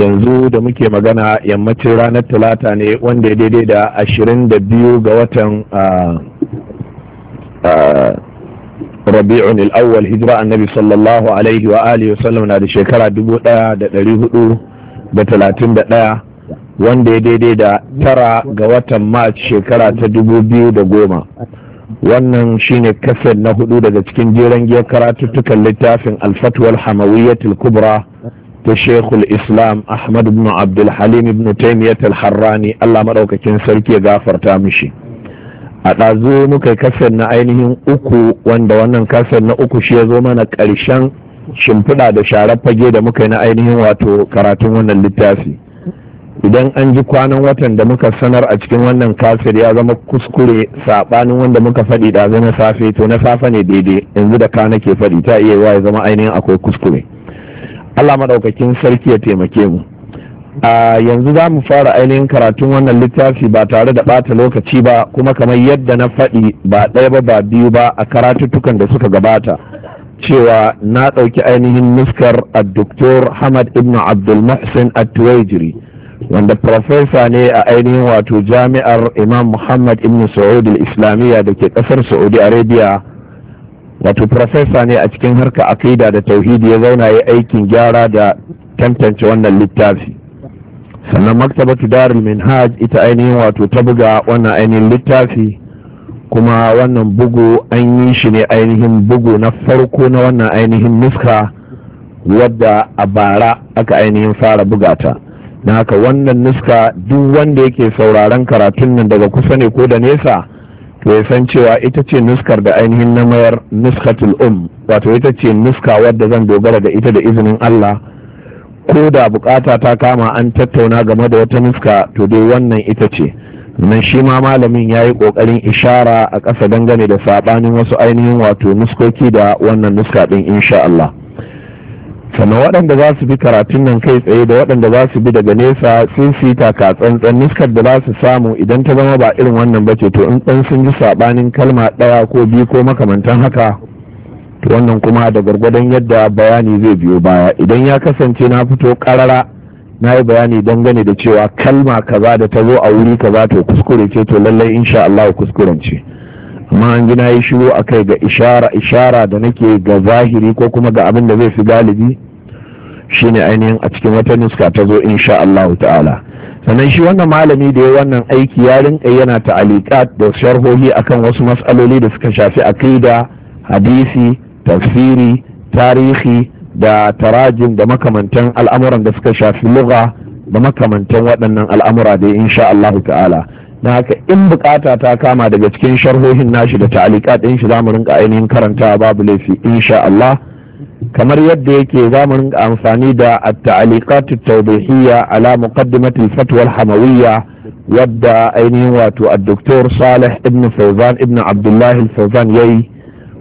yanzu da muke magana yammacin ranar talata ne wanda ya daidai da ashirin da biyu ga watan rabi'un al'awwal hijira annabi sallallahu alaihi wa alihi wasallam na da shekara dubu daya da dari hudu da talatin da daya wanda ya daidai da tara ga watan march shekara ta dubu biyu da goma wannan shine kasar na hudu daga cikin jeren giyar karatuttukan littafin alfatwal hamawiyyatul kubra ta shekul islam ahmad ibn abdulhalim ibn taimiyyat al-harrani allah maɗaukakin sarki ya gafarta mishi a ɗazu muka kasar na ainihin uku wanda wannan kasar na uku shi ya zo mana ƙarshen shimfiɗa da sharar fage da muka yi na ainihin wato karatun wannan littafi idan an ji kwanan watan da muka sanar a cikin wannan kasar ya zama kuskure saɓanin wanda muka faɗi ɗazu na safe to na safe ne daidai yanzu da ka nake faɗi ta iya ya zama ainihin akwai kuskure Allah maɗaukakin sarki ya taimake mu a yanzu za mu fara ainihin karatun wannan littafi ba tare da ɓata lokaci ba kuma kamar yadda na faɗi ba ɗaya ba ba biyu ba a karatuttukan da suka gabata cewa na ɗauki ainihin nuskar a Dr. hamad ibn abdul muhsin at wanda farfesa ne a ainihin wato jami'ar imam muhammad ibn saud al-islamiyya da ke ƙasar saudi arabia wato profesa ne a cikin harka akida da tauhidi ya zauna ya aikin gyara da tantance wannan littafi sannan maktabatu darul minhaj ita ainihin wato ta buga wannan ainihin littafi kuma wannan bugu an yi shi ne ainihin bugu na farko na wannan ainihin nuska wadda a bara aka ainihin fara bugata na haka wannan nuska duk wanda yake sauraron karatun nan daga kusa ne ko da nesa to ya san cewa ita ce nuskar da ainihin na mayar nuskatul um wato ita ce nuska wadda zan dogara da ita da izinin Allah ko da bukata ta kama an tattauna game da wata nuska to dai wannan ita ce nan shi ma malamin ya yi kokarin ishara a ƙasa dangane da saɓanin wasu ainihin wato nuskoki da wannan nuska ɗin insha Allah. sannan waɗanda za su bi karatun nan kai tsaye da waɗanda za su bi daga nesa sun su yi taka tsantsan niskar da za su samu idan ta zama ba irin wannan ba ce to in ɗan sun ji saɓanin kalma ɗaya ko biyu ko makamantan haka to wannan kuma da gwargwadon yadda bayani zai biyo baya idan ya kasance na fito ƙarara na yi bayani dangane da cewa kalma kaza da ta zo a wuri kaza to kuskure ce to lallai insha Allah kuskuren ce amma an gina na yi shiru a kai ga ishara ishara da nake ga zahiri ko kuma ga abin da zai fi galibi Shi ne ainihin a cikin wata nuska ta zo insha Allah ta'ala sannan shi wannan malami da ya wannan aiki ya rinka yana ta'alikat da sharhohi akan wasu matsaloli da suka shafi aqida hadisi tafsiri tarihi da tarajin da makamantan al'amuran da suka shafi lugha da makamantan waɗannan al'amura da insha Allah ta'ala na haka in bukata ta kama daga cikin sharhohin nashi da ta'alikat ɗin shi mu rinka ainihin karanta babu laifi insha Allah kamar yadda yake za amfani da at-ta'liqat at-tawdihiyya ala muqaddimat al-fatwa al-hamawiyya wadda ainihin wato ad-doktor Salih ibn Fawzan ibn Abdullah al-Fawzan yayi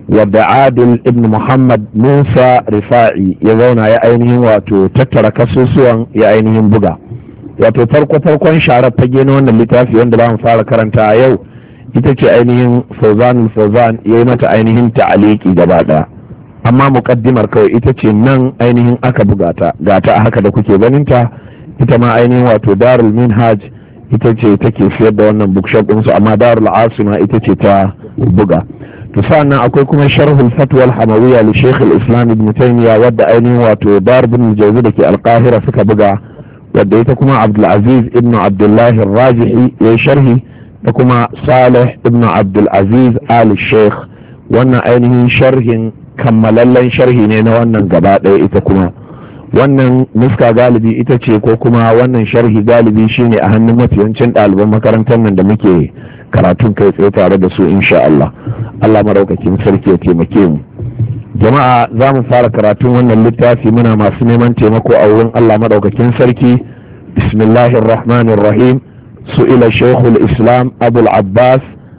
wadda Adil ibn Muhammad Musa Rifa'i ya zauna ya ainihin wato tattara kasusuwan ya ainihin buga wato farko farkon sharar fage na wannan littafi wanda za mu fara karanta yau ita ce ainihin Fawzan al-Fawzan yayi mata ainihin ta'aliki gaba daya amma muƙaddimar kawai ita ce nan ainihin aka buga ta a haka da kuke ganinta ita ma ainihin wato darul minhaj ita ce take siyar da wannan bookshop su amma darul asima ita ce ta buga to sa'annan akwai kuma sharhul fatwa al li shaykh al-islam ibn taymiya wadda ainihin wato dar jawzi da ke al-qahira suka buga wadda ita kuma abdul aziz ibn abdullah ar-rajihi ya sharhi da kuma salih ibn abdul aziz al-shaykh wannan ainihin sharhin kammalallen sharhi ne na wannan gaba ɗaya ita kuma wannan muska galibi ita ce ko kuma wannan sharhi galibi shine a hannun mafiyancin ɗaliban makarantar nan da muke karatun kai tsaye tare da su insha Allah Allah maraukakin sarki ya taimake mu jama'a za mu fara karatun wannan littafi muna masu neman taimako a wurin Allah madaukakin sarki bismillahir rahmanir rahim ila shaykhul islam abul abbas